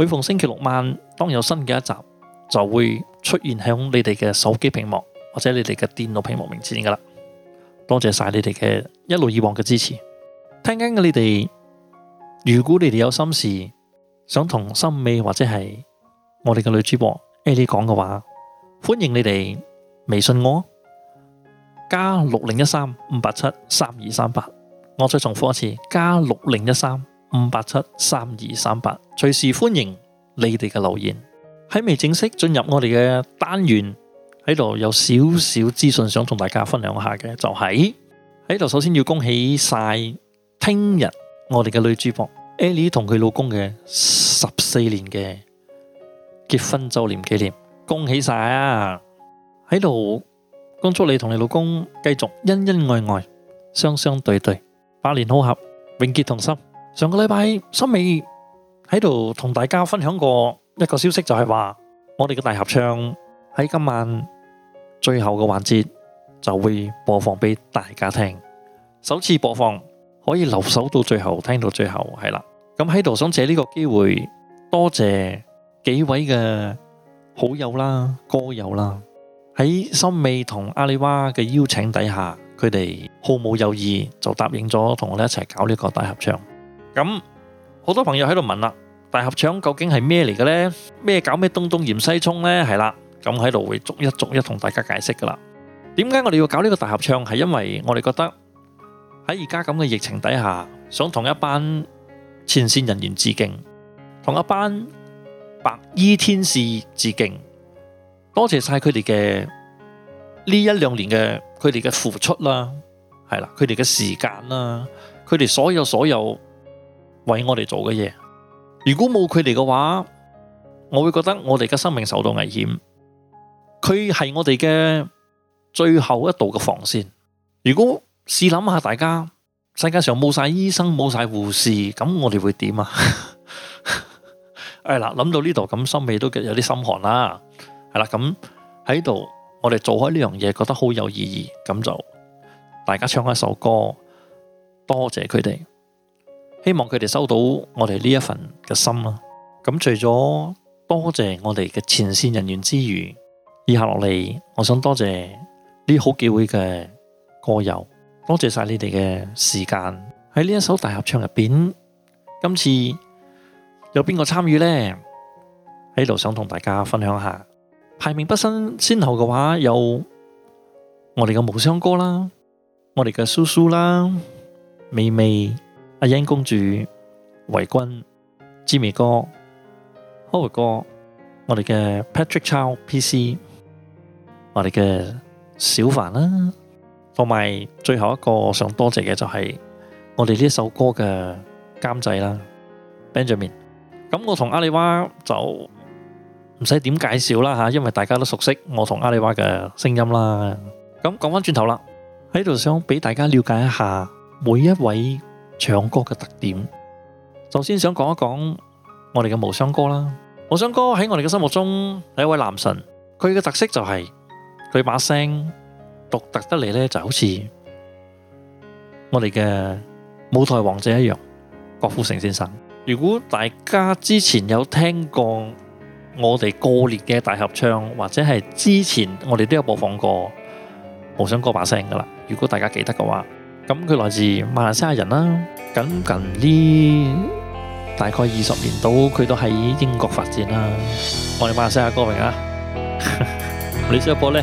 每逢星期六晚，當有新嘅一集，就會出現喺你哋嘅手機屏幕或者你哋嘅電腦屏幕面前噶啦。多謝晒你哋嘅一路以往嘅支持。聽緊嘅你哋，如果你哋有心事想同森美或者係我哋嘅女主播 Alie 講嘅話，歡迎你哋微信我，加六零一三五八七三二三八。我再重複一次，加六零一三。五八七三二三八，隨時歡迎你哋嘅留言。喺未正式進入我哋嘅單元，喺度有少少資訊想同大家分享一下嘅，就係喺度。首先要恭喜晒聽日我哋嘅女主播 Ellie 同佢老公嘅十四年嘅結婚周年紀念，恭喜晒啊！喺度恭祝你同你老公繼續恩恩愛愛，雙雙對對，百年好合，永結同心。上個禮拜，森美喺度同大家分享過一個消息，就係話我哋嘅大合唱喺今晚最後嘅環節就會播放俾大家聽。首次播放可以留守到最後，聽到最後係啦。咁喺度想借呢個機會多謝幾位嘅好友啦、歌友啦，喺森美同阿里娃嘅邀請底下，佢哋毫無猶豫就答應咗同我哋一齊搞呢個大合唱。咁好多朋友喺度問啦，大合唱究竟係咩嚟嘅呢？咩搞咩東東，鹽西沖呢？係啦，咁喺度會逐一逐一同大家解釋噶啦。點解我哋要搞呢個大合唱？係因為我哋覺得喺而家咁嘅疫情底下，想同一班前線人員致敬，同一班白衣天使致敬，多謝晒佢哋嘅呢一兩年嘅佢哋嘅付出啦，係啦，佢哋嘅時間啦，佢哋所有所有。為我哋做嘅嘢，如果冇佢哋嘅話，我會覺得我哋嘅生命受到危險。佢係我哋嘅最後一道嘅防線。如果試諗下，大家世界上冇晒醫生、冇晒護士，咁我哋會點啊？誒， 嗱，諗到呢度咁，心裡都有啲心寒啦。係啦，咁喺度，我哋做開呢樣嘢，覺得好有意義。咁就大家唱一首歌，多謝佢哋。希望佢哋收到我哋呢一份嘅心啦、啊。咁除咗多謝，謝我哋嘅前線人員之餘，以下落嚟，我想多謝呢好幾位嘅歌友，多謝晒你哋嘅時間。喺呢一首大合唱入面，今次有邊個參與呢？喺度想同大家分享一下，排名不分先後嘅話，有我哋嘅無雙哥啦，我哋嘅蘇蘇啦，美美。阿英公主、維君、jimmy 哥、可維哥，我哋嘅 Patrick Chow PC，我哋嘅小凡啦，同埋最後一個想多謝嘅就係我哋呢首歌嘅監製啦，Benjamin。咁我同阿里娃就唔使點介紹啦，因為大家都熟悉我同阿里娃嘅聲音啦。咁講翻轉頭啦，喺度想畀大家了解一下每一位，唱歌嘅特點，首先想講一講我哋嘅無雙歌啦。無雙歌喺我哋嘅心目中係一位男神，佢嘅特色就係佢把聲獨特得嚟咧，就好似我哋嘅舞台王者一樣，郭富城先生。如果大家之前有聽過我哋過年嘅大合唱，或者係之前我哋都有播放過無雙歌把聲噶啦，如果大家記得嘅話。咁佢來自馬來西亞人啦、啊，咁近呢大概二十年度，佢都喺英國發展啦、啊。我哋馬來西亞歌名啊，你識得波咩？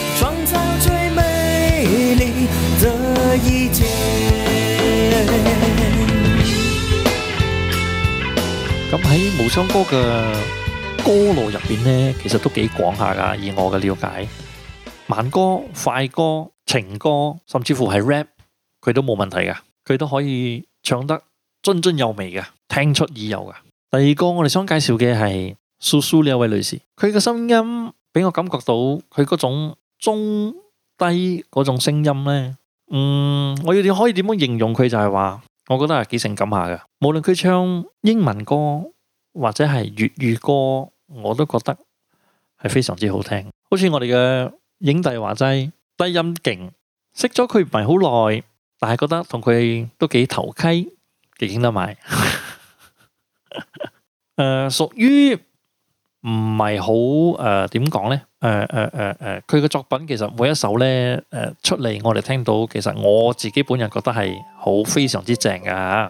喺無雙歌嘅歌路入邊呢，其實都幾廣下噶。以我嘅了解，慢歌、快歌、情歌，甚至乎係 rap，佢都冇問題噶。佢都可以唱得津津有味嘅，聽出耳油噶。第二個我哋想介紹嘅係蘇蘇呢一位女士，佢嘅聲音俾我感覺到佢嗰種中低嗰種聲音呢，嗯，我要點可以點樣形容佢就係話，我覺得係幾性感下噶。無論佢唱英文歌，或者係粵語歌，我都覺得係非常之好聽。好似我哋嘅影帝華仔，低音勁，識咗佢唔係好耐，但係覺得同佢都幾投契，幾傾得埋。誒，屬於唔係好誒，點講咧？誒誒誒誒，佢、呃、嘅、呃呃、作品其實每一首咧，誒、呃、出嚟我哋聽到，其實我自己本人覺得係好非常之正㗎。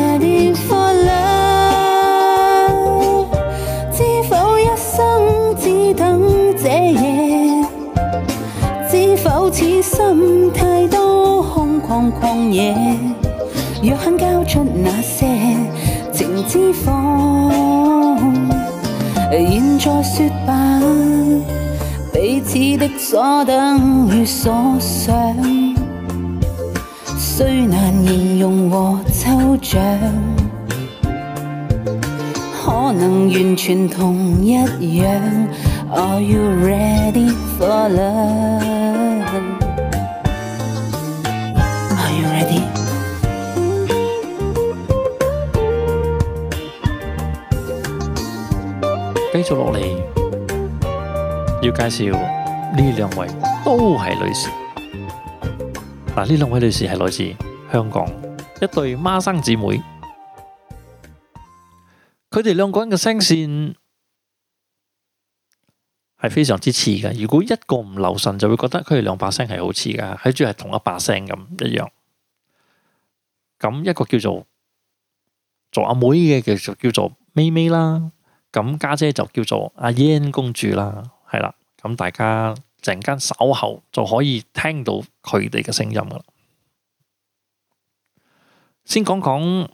Yeah, 若肯交出那些情之火，現在說吧，彼此的所等與所想，雖難形容和抽象，可能完全同一樣。Are you ready for love? 接落嚟要介紹呢兩位都係女士，嗱，呢兩位女士係來自香港一對孖生姊妹，佢哋兩個人嘅聲線係非常之似嘅。如果一個唔留神，就會覺得佢哋兩把聲係好似噶，喺住係同一把聲咁一樣。咁一個叫做做阿妹嘅，叫做叫做咪咪啦。咁家姐，姐就叫做阿嫣公主啦，係啦，咁大家陣間稍後就可以聽到佢哋嘅聲音啦。先講講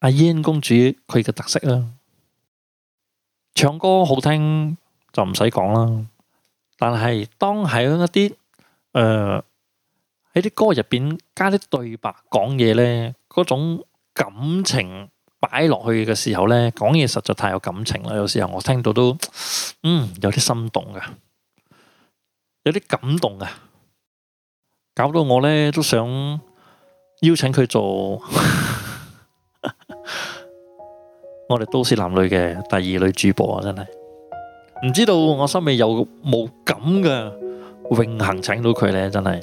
阿嫣公主佢嘅特色啦，唱歌好聽就唔使講啦，但係當喺一啲誒喺啲歌入邊加啲對白講嘢咧，嗰種感情擺落去嘅時候呢，講嘢實在太有感情啦！有時候我聽到都，嗯，有啲心動㗎，有啲感動㗎，搞到我呢都想邀請佢做我哋都市男女嘅第二女主播啊！真係，唔知道我心裏有冇咁嘅榮幸請到佢呢，真係。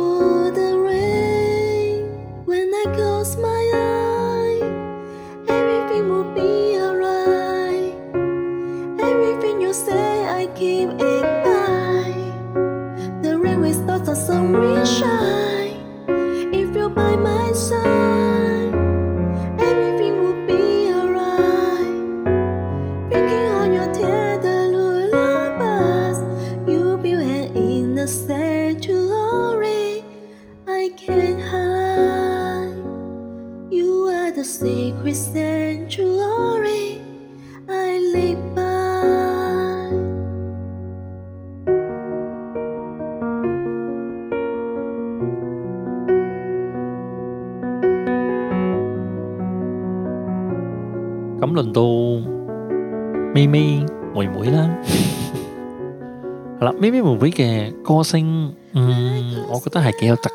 Mimi 嘅歌聲，嗯，我覺得係幾有特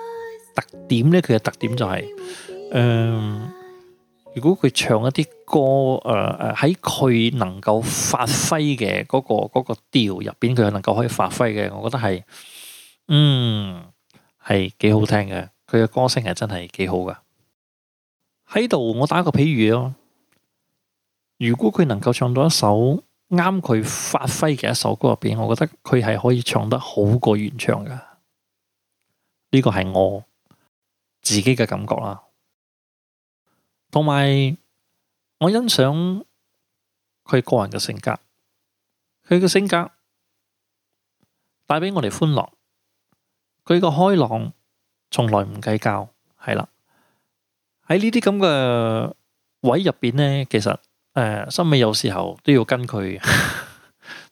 特點咧。佢嘅特點就係、係，誒、呃，如果佢唱一啲歌，誒、呃、誒，喺佢能夠發揮嘅嗰個嗰、嗰個調入邊，佢係能夠可以發揮嘅。我覺得係，嗯，係幾好聽嘅。佢嘅歌聲係真係幾好噶。喺度，我打個比喻咯，如果佢能夠唱到一首。啱佢發揮嘅一首歌入邊，我覺得佢係可以唱得好過原唱㗎。呢個係我自己嘅感覺啦。同埋我欣賞佢個人嘅性格，佢嘅性格帶畀我哋歡樂。佢個開朗，從來唔計較。係啦，喺呢啲咁嘅位入邊呢，其實。誒，所以有時候都要跟佢，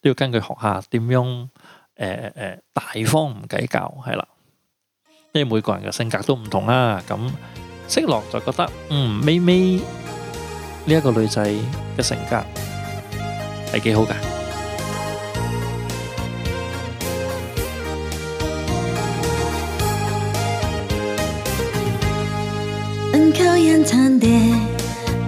都要跟佢學下點樣，誒誒大方唔計較，係啦。因為每個人嘅性格都唔同啦，咁識落就覺得嗯，咪咪呢一個女仔嘅性格係幾好㗎。門口人餐廳。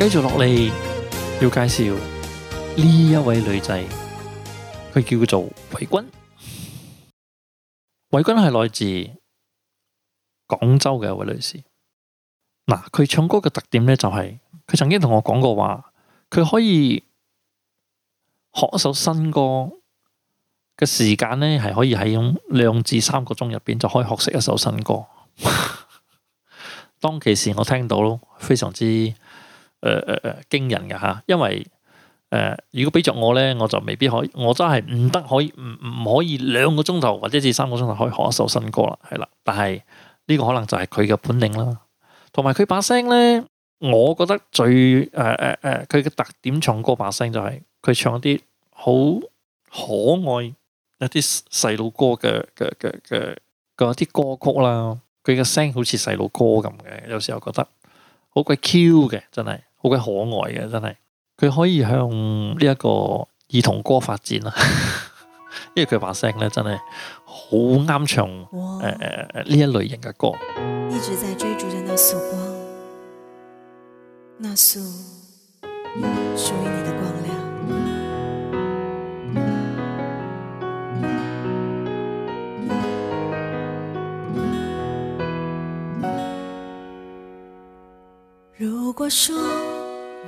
繼續落嚟，要介紹呢一位女仔，佢叫做韋君。韋君係來自廣州嘅一位女士。嗱，佢唱歌嘅特點咧、就是，就係佢曾經同我講過話，佢可以學一首新歌嘅時間咧，係可以喺用兩至三個鐘入邊就可以學識一首新歌。 當其時我聽到咯，非常之。誒誒誒驚人嘅吓，因為誒如果俾着我咧，我就未必可以。我真係唔得可以唔唔可以兩個鐘頭或者至三個鐘頭可以學一首新歌啦，係啦。但係呢個可能就係佢嘅本領啦，同埋佢把聲咧，我覺得最誒誒誒，佢嘅特點唱歌把聲就係佢唱一啲好可愛一啲細路歌嘅嘅嘅嘅嗰啲歌曲啦，佢嘅聲好似細路歌咁嘅，有時候覺得好鬼 Q 嘅，真係。好鬼可愛嘅，真係佢可以向呢一個兒童歌發展啦，因為佢把聲咧真係好啱唱誒誒呢一類型嘅歌。你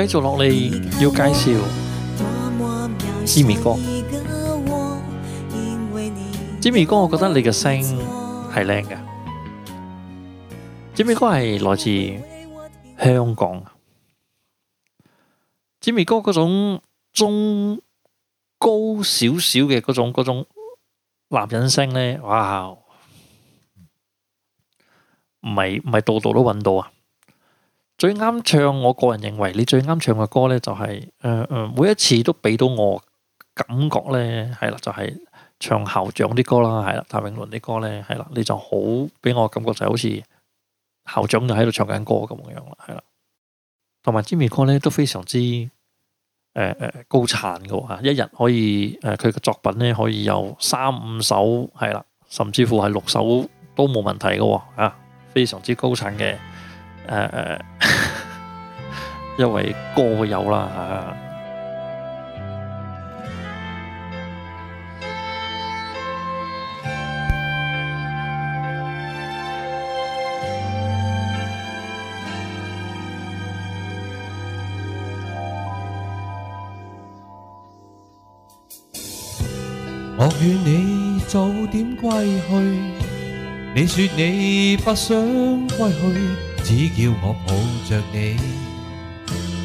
繼續落嚟要介紹 Jimmy 哥，Jimmy 哥，我覺得你嘅聲係靚㗎。Jimmy 哥係來自香港，Jimmy 哥嗰種中高少少嘅嗰種嗰種男人聲呢，哇，唔係，唔係度度都揾到啊！最啱唱，我個人認為你最啱唱嘅歌呢，就是，就係誒誒，每一次都俾到我感覺呢，係啦，就係、是、唱校長啲歌啦，係啦，譚詠麟啲歌呢，係啦，你就好俾我感覺就好似校長就喺度唱緊歌咁樣啦，係啦。同埋 Jimmy 哥呢都非常之誒誒，呃呃，高產嘅喎，一日可以誒，佢，呃，嘅作品呢，可以有三五首係啦，甚至乎係六首都冇問題嘅喎、啊，非常之高產嘅誒。呃呃因為歌友啦，我願你早點歸去，你說你不想歸去，只叫我抱着你。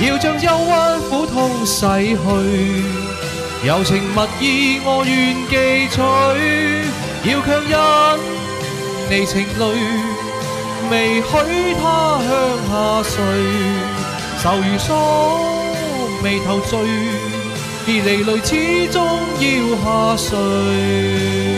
要將憂鬱苦痛洗去，柔情蜜意我願記取。要強忍離情淚，未許它向下垂。愁如鎖，眉頭聚，別離淚始終要下垂。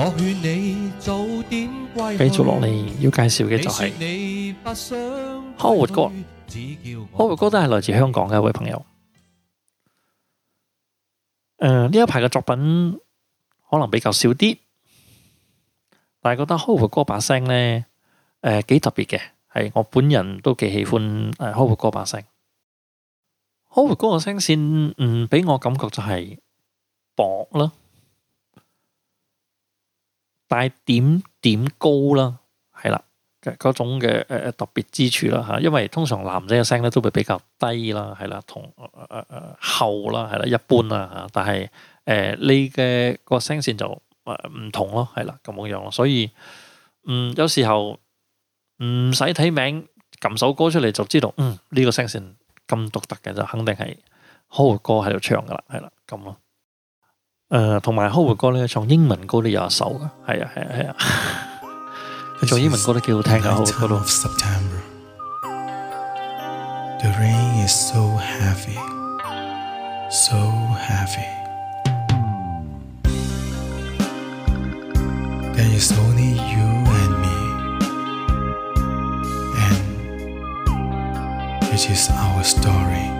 繼續落嚟要介紹嘅就係《呵活哥》。呵活哥都係來自香港嘅一位朋友。誒，呢一排嘅作品可能比較少啲，但係覺得呵活哥把聲呢，誒，幾特別嘅，係我本人都幾喜歡誒。呵活哥把聲，呵活哥個聲線，嗯，俾我感覺就係薄囉。帶點點高啦，係啦，嘅嗰種嘅誒誒特別之處啦吓，因為通常男仔嘅聲咧都會比較低啦，係啦，同誒誒誒厚啦，係啦，一般啊吓，但係誒你嘅個聲線就誒唔同咯，係啦，咁樣樣咯，所以嗯有時候唔使睇名撳首歌出嚟就知道，嗯呢個聲線咁獨特嘅就肯定係好嘅歌喺度唱噶啦，係啦，咁咯。誒，同埋 cover 歌咧，唱英文歌都有一首嘅，係啊，係啊，係啊，佢唱英文歌都幾好聽㗎，cover 到。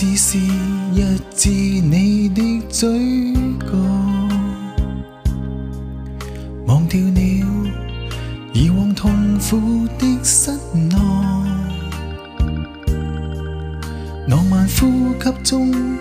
只是一至你的嘴角，忘掉了以往痛苦的失落，浪漫呼吸中。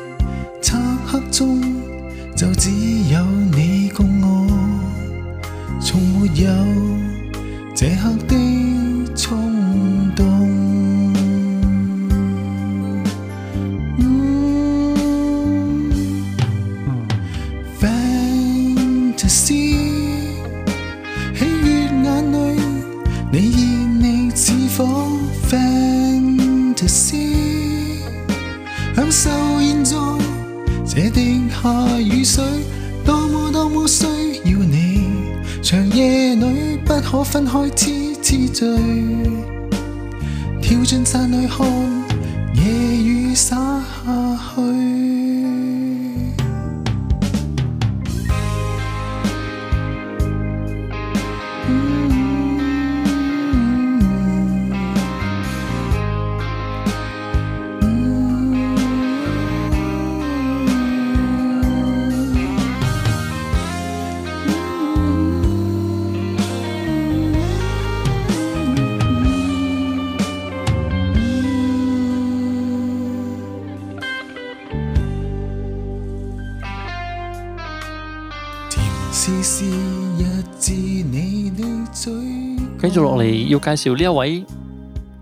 接落嚟要介紹呢一位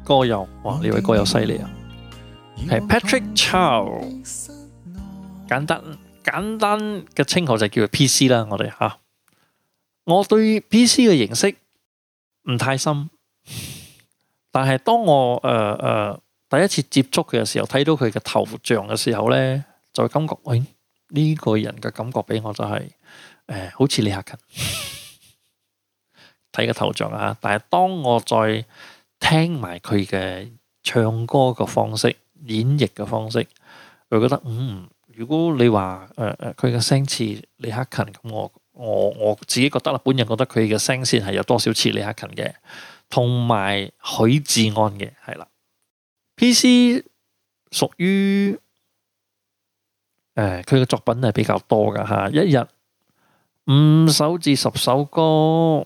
歌友，哇！呢位歌友犀利啊，係 Patrick Chow，簡單簡單嘅稱號就叫做 PC 啦。我哋吓、啊，我對 PC 嘅認識唔太深，但係當我誒誒、呃呃、第一次接觸佢嘅時候，睇到佢嘅頭像嘅時候咧，就會感覺，喂、哎、呢、這個人嘅感覺俾我就係、是、誒、呃，好似李克勤。睇個頭像啊！但係當我再聽埋佢嘅唱歌個方式，演繹嘅方式，我覺得嗯，如果你話誒誒，佢嘅聲似李克勤咁，我我我自己覺得啦，本人覺得佢嘅聲線係有多少似李克勤嘅，同埋許志安嘅係啦。P.C. 屬於誒，佢、呃、嘅作品係比較多㗎吓，一日五首至十首歌。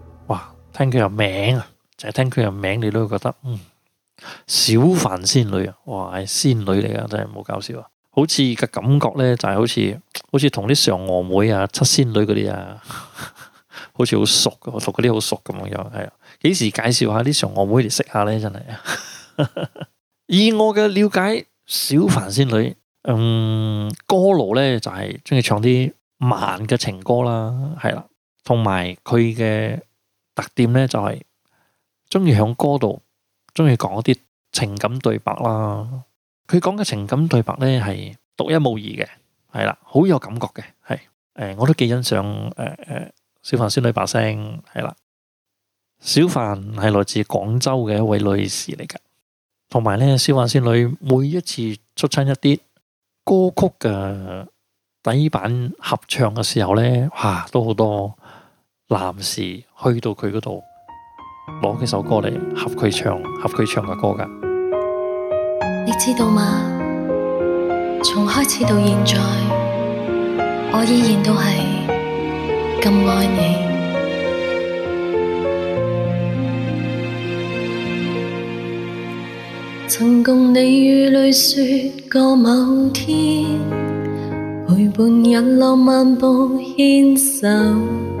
聽佢個名啊，就係、是、聽佢個名，你都會覺得嗯，小凡仙女啊，哇，仙女嚟噶，真係唔好搞笑啊！好似嘅感覺咧、就是，就係好似好似同啲嫦娥妹啊、七仙女嗰啲啊，好似好熟，同嗰啲好熟咁樣樣，係啊！幾時介紹下啲嫦娥妹嚟識下咧？真係 以我嘅了解，小凡仙女，嗯，歌路咧就係中意唱啲慢嘅情歌啦，係啦，同埋佢嘅。特點咧就係中意響歌度，中意講一啲情感對白啦。佢講嘅情感對白咧係獨一無二嘅，係啦，好有感覺嘅。係誒，我都幾欣賞誒誒，小凡仙女把聲係啦。小凡係來自廣州嘅一位女士嚟噶，同埋咧，小凡仙女每一次出親一啲歌曲嘅底板合唱嘅時候咧，哇，都好多男士。去到佢嗰度，攞佢首歌嚟合佢唱，合佢唱嘅歌噶。你知道嗎？從開始到現在，我依然都係咁愛你。曾共你雨裏説過某天，陪伴日落漫步牽手。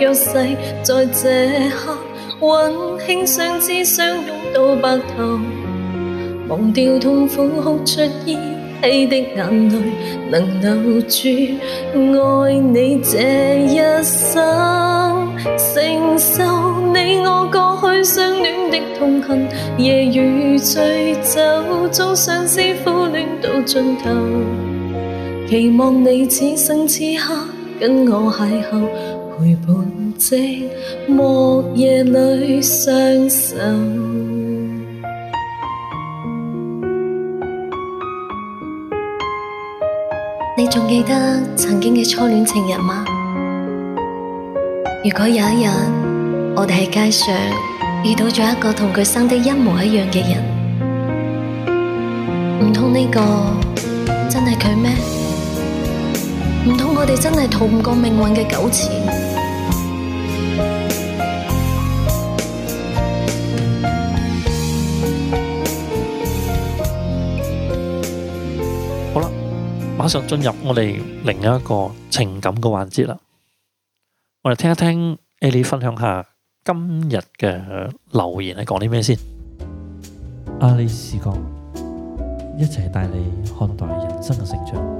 若世在這刻溫馨相知相擁到白頭，忘掉痛苦，哭出依稀的眼淚，能留住愛你這一生，承受你我過去相戀的痛恨，夜雨醉酒中，相思苦戀到盡頭，期望你此生此刻跟我邂逅。陪伴寂寞夜，裡相守你仲記得曾經嘅初戀情人嗎？如果有一日，我哋喺街上遇到咗一個同佢生得一模一樣嘅人，唔通呢個真係佢咩？唔通我哋真係逃唔過命運嘅糾纏？馬上進入我哋另一個情感嘅環節啦，我哋聽一聽 Ali 分享下今日嘅留言係講啲咩先。阿里是講一齊帶你看待人生嘅成長。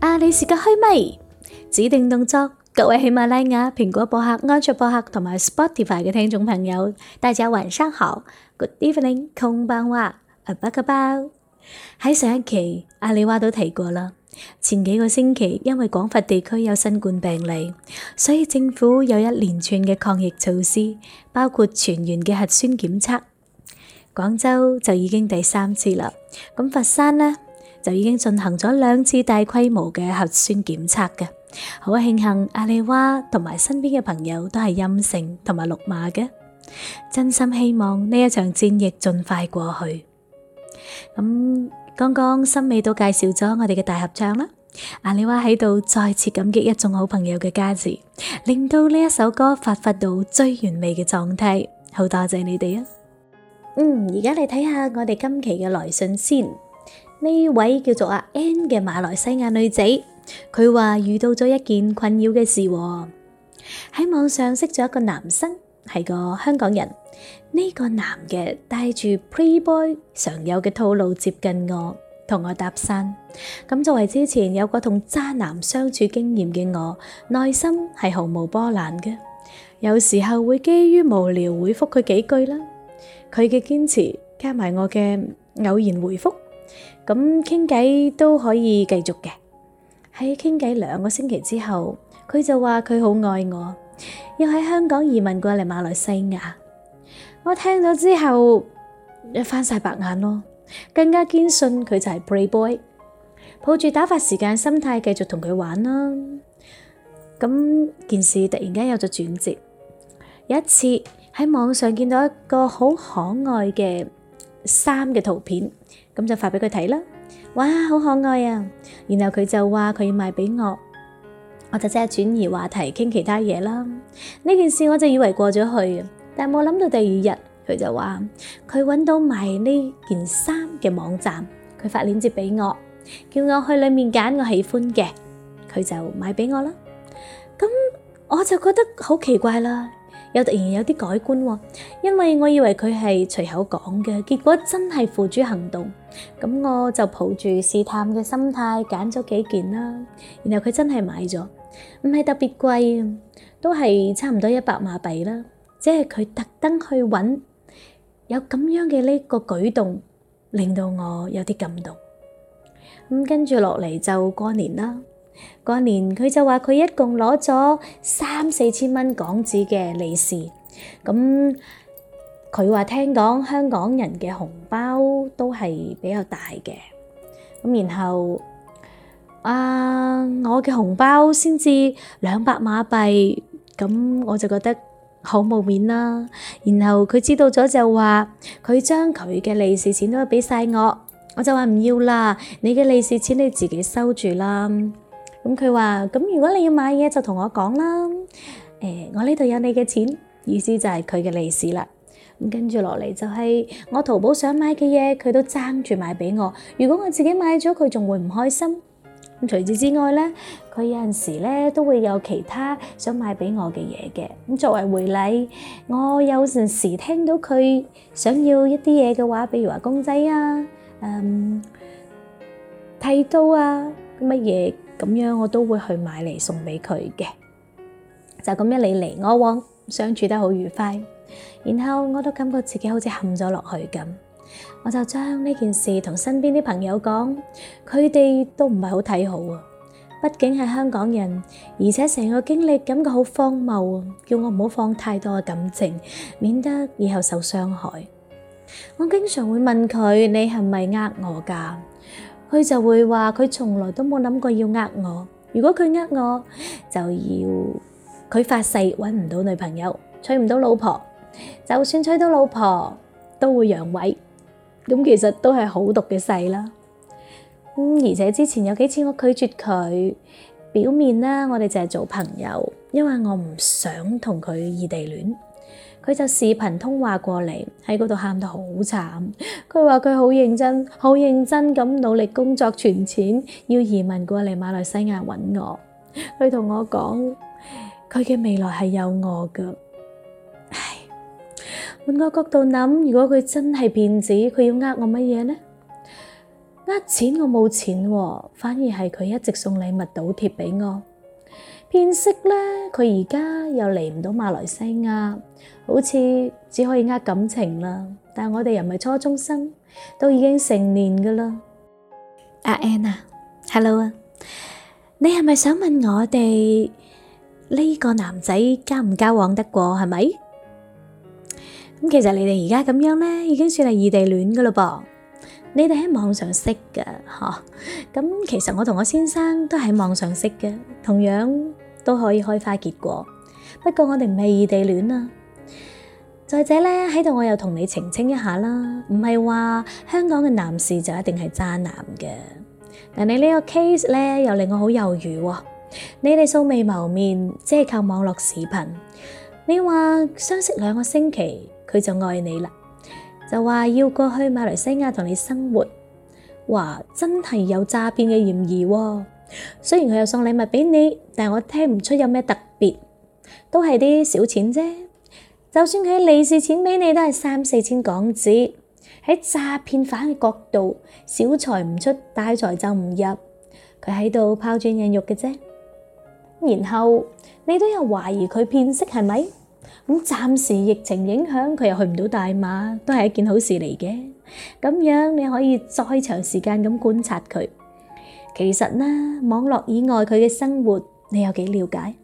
阿里是嘅虛微指定動作。各位喜馬拉雅、蘋果播客、安卓播客同埋 Spotify 嘅聽眾朋友，大家晚上好。Good evening，空班娃阿伯吉包。喺上一期阿里娃都提過啦，前幾個星期因為廣佛地區有新冠病例，所以政府有一連串嘅抗疫措施，包括全員嘅核酸檢測。廣州就已經第三次啦，咁佛山呢，就已經進行咗兩次大規模嘅核酸檢測嘅。好啊，慶幸阿里娃同埋身邊嘅朋友都係陰性同埋綠碼嘅，真心希望呢一場戰役盡快過去。咁剛剛森美都介紹咗我哋嘅大合唱啦，阿里娃喺度再次感激一眾好朋友嘅加持，令到呢一首歌發揮到最完美嘅狀態，好多謝你哋啊！嗯，而家你睇下我哋今期嘅來信先，呢位叫做阿 N 嘅馬來西亞女仔。佢話遇到咗一件困擾嘅事，喺網上識咗一個男生，係個香港人。呢個男嘅帶住 play boy 常有嘅套路接近我，同我搭訕。咁作為之前有個同渣男相處經驗嘅我，內心係毫無波瀾嘅。有時候會基於無聊回復佢幾句啦。佢嘅堅持加埋我嘅偶然回復，咁傾偈都可以繼續嘅。喺傾偈兩個星期之後，佢就話佢好愛我，要喺香港移民過嚟馬來西亞。我聽咗之後，一翻晒白眼咯，更加堅信佢就係 playboy，抱住打發時間心態繼續同佢玩啦。咁件事突然間有咗轉折，有一次喺網上見到一個好可愛嘅。衫嘅圖片，咁就發畀佢睇啦。哇，好可愛啊！然後佢就話佢要賣俾我，我就即刻轉移話題傾其他嘢啦。呢件事我就以為過咗去，但係冇諗到第二日佢就話佢搵到賣呢件衫嘅網站，佢發鏈接俾我，叫我去裏面揀我喜歡嘅，佢就買俾我啦。咁我就覺得好奇怪啦。又突然有啲改觀喎，因為我以為佢係隨口講嘅，結果真係付諸行動，咁我就抱住試探嘅心態揀咗幾件啦，然後佢真係買咗，唔係特別貴，都係差唔多一百馬幣啦，即係佢特登去揾，有咁樣嘅呢個舉動令到我有啲感動，咁跟住落嚟就過年啦。嗰年佢就話佢一共攞咗三四千蚊港紙嘅利是，咁佢話聽講香港人嘅紅包都係比較大嘅，咁，然後啊，我嘅紅包先至兩百馬幣，咁我就覺得好冇面啦。然後佢知道咗就話佢將佢嘅利是錢都俾晒我，我就話唔要啦，你嘅利是錢你自己收住啦。咁佢話，咁如果你要買嘢就同我講啦，誒我呢度有你嘅錢，意思就係佢嘅利是啦。咁跟住落嚟就係我淘寶想買嘅嘢，佢都爭住買俾我。如果我自己買咗，佢仲會唔開心。咁除此之外咧，佢有陣時咧都會有其他想買俾我嘅嘢嘅。咁作為回禮，我有陣時聽到佢想要一啲嘢嘅話，比如話公仔啊，嗯，剃刀啊，乜嘢？咁樣我都會去買嚟送俾佢嘅，就咁樣你嚟我往,往，相處得好愉快。然後我都感覺自己好似陷咗落去咁，我就將呢件事同身邊啲朋友講，佢哋都唔係好睇好啊。畢竟係香港人，而且成個經歷感覺好荒謬啊，叫我唔好放太多嘅感情，免得以後受傷害。我經常會問佢：你係咪呃我噶？佢就會話佢從來都冇諗過要呃我，如果佢呃我，就要佢發誓搵唔到女朋友，娶唔到老婆，就算娶到老婆都會陽痿，咁其實都係好毒嘅誓啦。咁而且之前有幾次我拒絕佢，表面啦我哋淨係做朋友，因為我唔想同佢異地戀。佢就視頻通話過嚟，喺嗰度喊到好慘。佢話佢好認真，好認真咁努力工作存錢，要移民過嚟馬來西亞揾我。佢同我講，佢嘅未來係有我㗎。唉，換個角度諗，如果佢真係騙子，佢要呃我乜嘢呢？呃錢我冇錢喎，反而係佢一直送禮物倒貼畀我。見識咧，佢而家又嚟唔到馬來西亞，好似只可以呃感情啦。但係我哋又唔係初中生，都已經成年噶啦。阿 Ann，Hello 啊，你係咪想問我哋呢個男仔交唔交往得過係咪？咁其實你哋而家咁樣咧，已經算係異地戀噶啦噃。你哋喺網上識噶，吓，咁其實我同我先生都喺網上識嘅，同樣。都可以開花結果，不過我哋唔係異地戀啊。再者呢，喺度，我又同你澄清一下啦，唔係話香港嘅男士就一定係渣男嘅。但你呢個 case 咧，又令我好猶豫喎。你哋素未謀面，即係靠網絡視頻，你話相識兩個星期佢就愛你啦，就話要過去馬來西亞同你生活，哇真係有詐騙嘅嫌疑喎。雖然佢又送禮物俾你，但係我聽唔出有咩特別，都係啲小錢啫。就算佢利是錢俾你，都係三四千港紙。喺詐騙犯嘅角度，小財唔出，大財就唔入。佢喺度拋磚引玉嘅啫。然後你都有懷疑佢騙色係咪？咁暫時疫情影響，佢又去唔到大馬，都係一件好事嚟嘅。咁樣你可以再長時間咁觀察佢。.其實呢，網絡以外佢嘅生活，你有幾了解？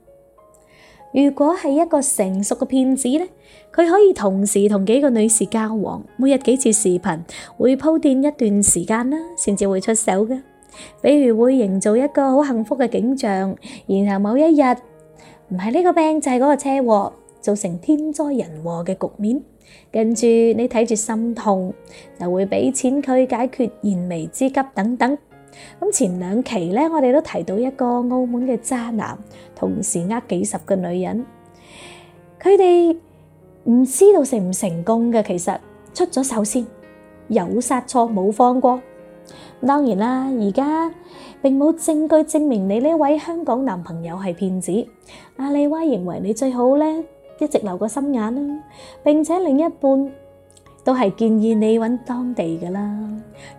如果係一個成熟嘅騙子咧，佢可以同時同幾個女士交往，每日幾次視頻，會鋪墊一段時間啦，先至會出手嘅。比如會營造一個好幸福嘅景象，然後某一日，唔係呢個病就係嗰個車禍，造成天災人禍嘅局面，跟住你睇住心痛，就會俾錢佢解決燃眉之急等等。咁前兩期咧，我哋都提到一個澳門嘅渣男，同時呃幾十個女人，佢哋唔知道成唔成功嘅，其實出咗手先，有殺錯冇放過。當然啦，而家並冇證據證明你呢位香港男朋友係騙子，阿里娃認為你最好咧，一直留個心眼啦，並且另一半。都係建議你揾當地噶啦，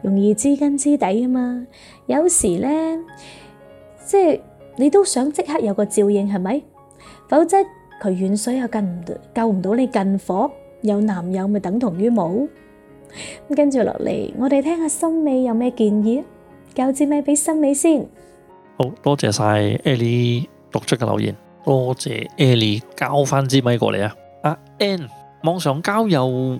容易知根知底啊嘛。有時咧，即係你都想即刻有個照應，係咪？否則佢遠水又救唔到你近火。有男友咪等同於冇咁。跟住落嚟，我哋聽下森美有咩建議啊？交支咪俾森美先，好多謝晒 Ellie 讀出嘅留言，多謝 Ellie 交翻支咪過嚟啊。阿 N 網上交友。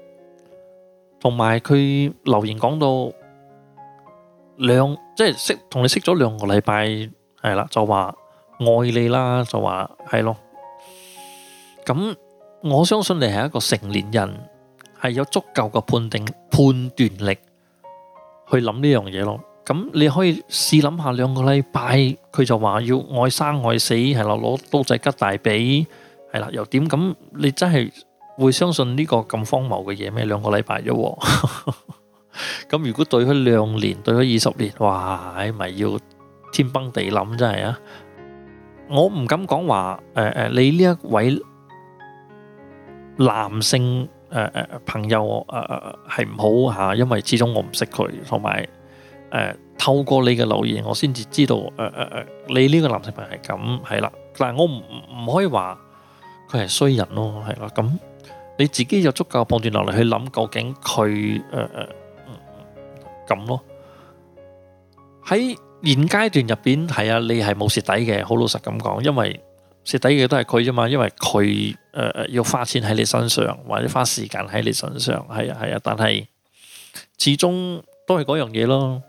同埋佢留言講到兩，即係識同你識咗兩個禮拜係啦，就話愛你啦，就話係咯。咁我相信你係一個成年人，係有足夠嘅判定判斷力去諗呢樣嘢咯。咁你可以試諗下兩個禮拜，佢就話要愛生愛死，係啦，攞刀仔吉大髀，係啦，又點？咁你真係。會相信呢個咁荒謬嘅嘢咩？兩個禮拜啫，咁如果對佢兩年，對佢二十年，哇，唉，咪要天崩地冧真係啊！我唔敢講話，誒誒，你呢一位男性誒誒朋友，誒誒係唔好吓，因為始終我唔識佢，同埋誒透過你嘅留言，我先至知道誒誒誒，你呢個男性朋友係咁係啦，但係我唔唔可以話佢係衰人咯，係啦咁。你自己就足夠判斷落嚟去諗，究竟佢咁、呃嗯、咯。喺現階段入邊，係啊，你係冇蝕底嘅，好老實咁講，因為蝕底嘅都係佢啫嘛。因為佢、呃、要花錢喺你身上，或者花時間喺你身上，係啊係啊。但係始終都係嗰樣嘢咯。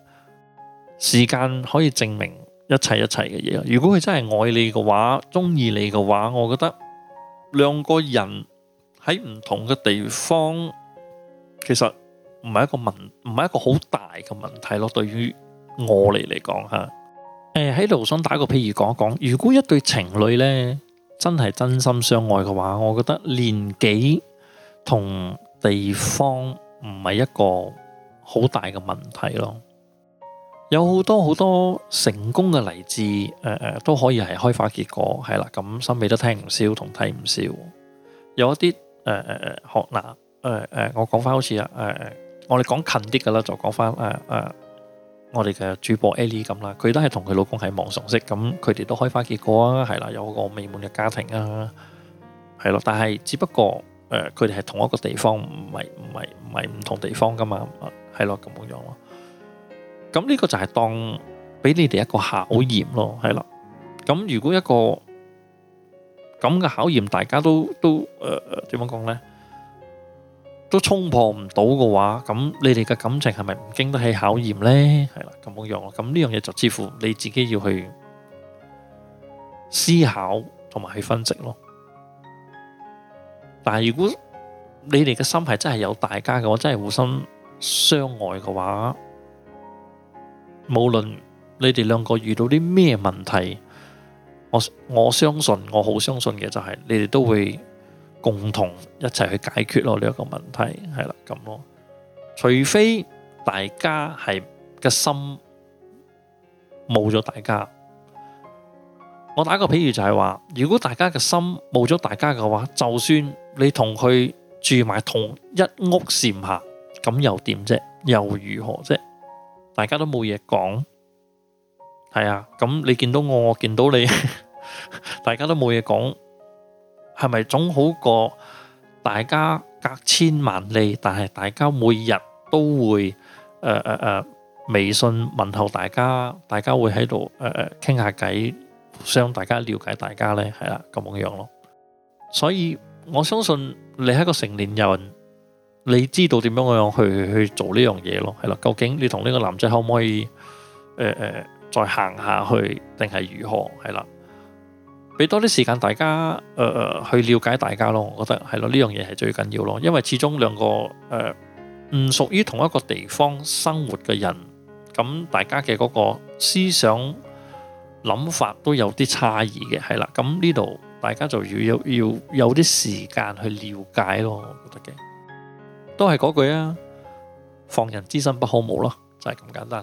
時間可以證明一切一切嘅嘢。如果佢真係愛你嘅話，中意你嘅話，我覺得兩個人。喺唔同嘅地方，其實唔係一個問，唔係一個好大嘅問題咯。對於我嚟講嚇，誒喺度想打一個譬如講一講，如果一對情侶呢，真係真心相愛嘅話，我覺得年紀同地方唔係一個好大嘅問題咯。有好多好多成功嘅例子，誒、呃、都可以係開花結果，係啦。咁心裏都聽唔消同睇唔消，有一啲。誒誒誒，學嗱誒誒，我講翻好似啊，誒、呃、我哋講近啲噶啦，就講翻誒誒，我哋嘅主播 Ellie 咁啦，佢都係同佢老公喺網上識，咁佢哋都開花結果啊，係啦，有個美滿嘅家庭啊，係咯，但係只不過誒，佢哋係同一個地方，唔係唔係唔係唔同地方噶嘛，係咯咁樣咯，啊，咁呢個就係當俾你哋一個考驗咯，係啦，咁如果一個。咁嘅考驗，大家都都誒誒，點樣講咧？都衝破唔到嘅話，咁你哋嘅感情係咪唔經得起考驗咧？係啦，咁樣樣啊，咁呢樣嘢就似乎你自己要去思考同埋去分析咯。但係如果你哋嘅心係真係有大家嘅話，真係互相相愛嘅話，無論你哋兩個遇到啲咩問題。我相信，我好相信嘅就係你哋都會共同一齊去解決咯。呢一個問題係啦咁咯，除非大家係個心冇咗大家。我打個比喻就係話，如果大家嘅心冇咗大家嘅話，就算你同佢住埋同一屋檐下，咁又點啫？又如何啫？大家都冇嘢講。係啊，咁你見到我，我見到你，呵呵，大家都冇嘢講，係咪總好過大家隔千萬里？但係大家每日都會誒誒誒微信問候大家，大家會喺度誒誒傾下偈，想大家了解大家咧，係啦咁樣樣咯。所以我相信你係一個成年人，你知道點樣樣去去做呢樣嘢咯，係啦、啊。究竟你同呢個男仔可唔可以誒誒？呃呃再行下去定係如何？係啦，俾多啲時間大家，誒、呃、去了解大家咯。我覺得係咯，呢樣嘢係最緊要咯。因為始終兩個誒唔屬於同一個地方生活嘅人，咁大家嘅嗰個思想諗法都有啲差異嘅。係啦，咁呢度大家就要有要，要有啲時間去了解咯。我覺得嘅都係嗰句啊，防人之心不可無咯，就係、是、咁簡單。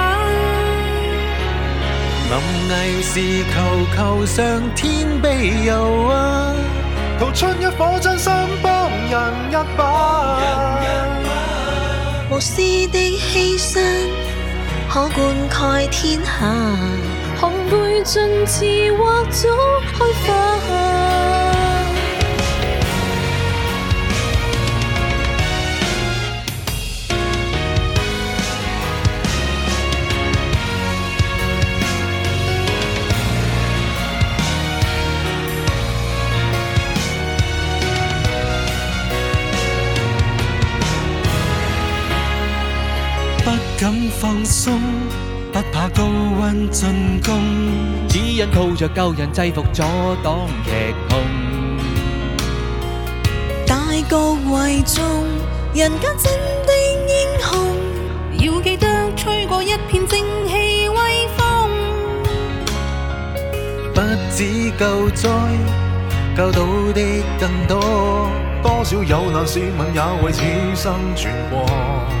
臨危時求求上天庇佑啊，掏出一顆真心幫人一把。無私的犧牲，可灌溉天下，紅梅盡遲或早開花。放鬆，不怕高溫進攻，只因靠着舊人制服阻擋劇痛。大局為重，人間真的英雄，要記得吹過一片正氣威風。不止救災，救到的更多，多少有難市民也為此生存過。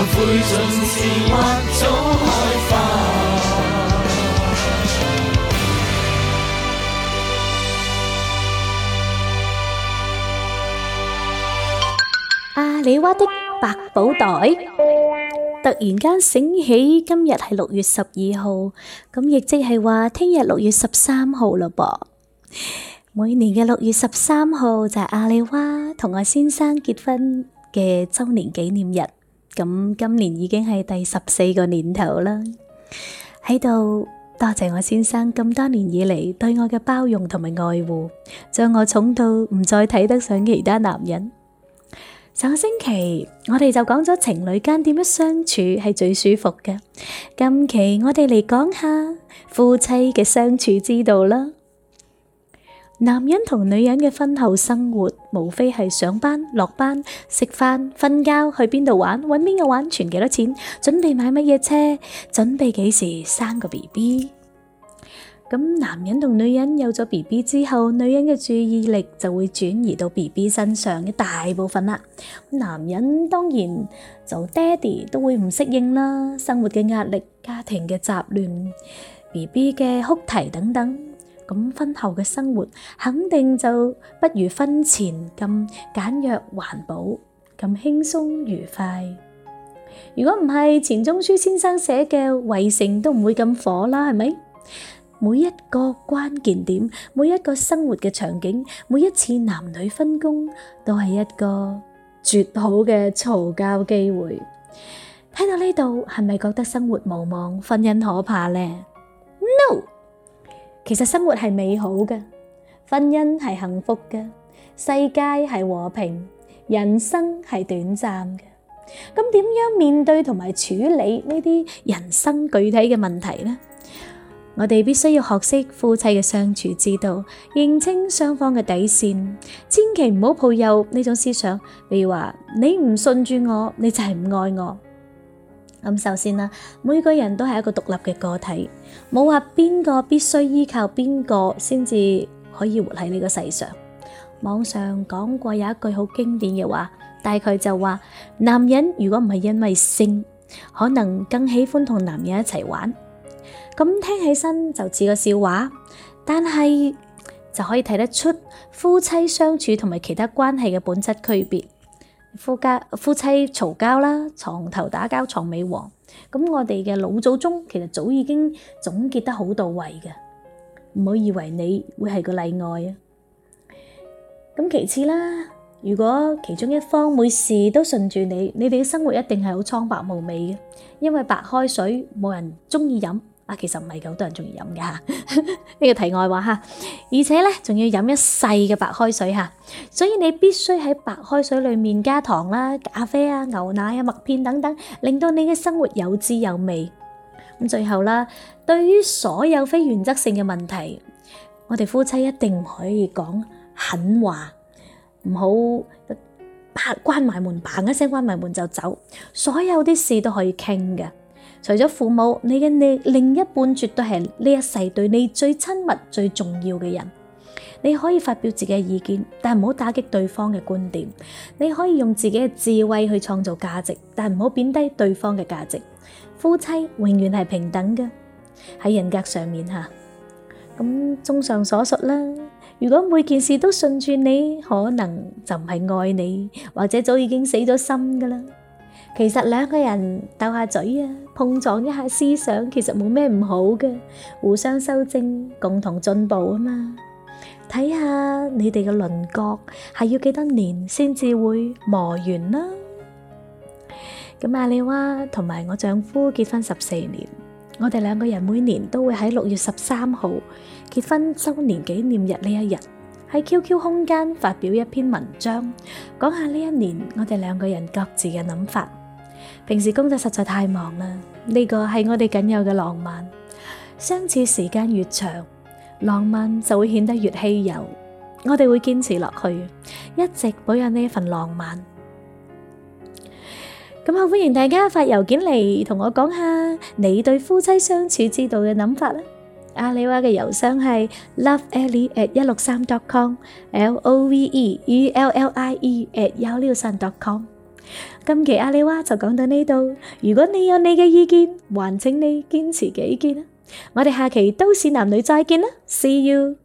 阿里娃的百寶袋突然間醒起，今日係六月十二號，咁亦即係話聽日六月十三號啦噃。每年嘅六月十三號就係阿里娃同我先生結婚嘅周年紀念日。咁今年已經係第十四個年頭啦，喺度多謝我先生咁多年以嚟對我嘅包容同埋愛護，將我寵到唔再睇得上其他男人。上個星期我哋就講咗情侶間點樣相處係最舒服嘅，今期我哋嚟講下夫妻嘅相處之道啦。男人同女人嘅婚後生活，無非係上班、落班、食飯、瞓覺、去邊度玩、搵邊個玩、存幾多錢、準備買乜嘢車、準備幾時生個 B B。咁男人同女人有咗 B B 之後，女人嘅注意力就會轉移到 B B 身上嘅大部分啦。男人當然做爹哋都會唔適應啦，生活嘅壓力、家庭嘅雜亂、B B 嘅哭啼等等。咁婚後嘅生活肯定就不如婚前咁簡約環保，咁輕鬆愉快。如果唔係錢鍾書先生寫嘅《圍城》，都唔會咁火啦，係咪？每一個關鍵點，每一個生活嘅場景，每一次男女分工，都係一個絕好嘅嘈交機會。睇到呢度，係咪覺得生活無望，婚姻可怕咧？No。其實生活係美好嘅，婚姻係幸福嘅，世界係和平，人生係短暫嘅。咁點樣面對同埋處理呢啲人生具體嘅問題呢？我哋必須要學識夫妻嘅相處之道，認清雙方嘅底線，千祈唔好抱有呢種思想，比如話你唔信住我，你就係唔愛我。咁首先啦，每個人都係一個獨立嘅個體，冇話邊個必須依靠邊個先至可以活喺呢個世上。網上講過有一句好經典嘅話，大概就話：男人如果唔係因為性，可能更喜歡同男人一齊玩。咁聽起身就似個笑話，但係就可以睇得出夫妻相處同埋其他關係嘅本質區別。夫家夫妻嘈交啦，床頭打交床尾和。咁我哋嘅老祖宗其實早已經總結得好到位嘅，唔好以為你會係個例外啊。咁其次啦，如果其中一方每事都順住你，你哋嘅生活一定係好蒼白無味嘅，因為白開水冇人中意飲。啊，其實唔係咁多人中意飲㗎吓，呢個題外話吓。而且咧，仲要飲一世嘅白開水吓，所以你必須喺白開水裡面加糖啦、咖啡啊、牛奶啊、麥片等等，令到你嘅生活有滋有味。咁最後啦，對於所有非原則性嘅問題，我哋夫妻一定唔可以講狠話，唔好啪關埋門，bang 一聲關埋門就走。所有啲事都可以傾嘅。除咗父母，你嘅你另一半絕對係呢一世對你最親密、最重要嘅人。你可以發表自己嘅意見，但唔好打擊對方嘅觀點。你可以用自己嘅智慧去創造價值，但唔好貶低對方嘅價值。夫妻永遠係平等嘅，喺人格上面吓。咁綜上所述啦，如果每件事都順住你，可能就唔係愛你，或者早已經死咗心㗎喇。其實兩個人鬥下嘴啊，碰撞一下思想，其實冇咩唔好嘅，互相修正，共同進步啊嘛。睇下你哋嘅輪廓係要幾多年先至會磨完啦。咁阿里娃同埋我丈夫結婚十四年，我哋兩個人每年都會喺六月十三號結婚周年紀念日呢一日喺 QQ 空間發表一篇文章，講下呢一年我哋兩個人各自嘅諗法。平時工作實在太忙啦，呢個係我哋僅有嘅浪漫。相處時間越長，浪漫就會顯得越稀有。我哋會堅持落去，一直保有呢一份浪漫。咁好，歡迎大家發郵件嚟同我講下你對夫妻相處之道嘅諗法啦。阿里娃嘅郵箱係 loveellie@163.com，L O V E E L L I E@163.com。今期阿里娃就講到呢度，如果你有你嘅意見，還請你堅持己見啊！我哋下期都市男女再見啦，See you！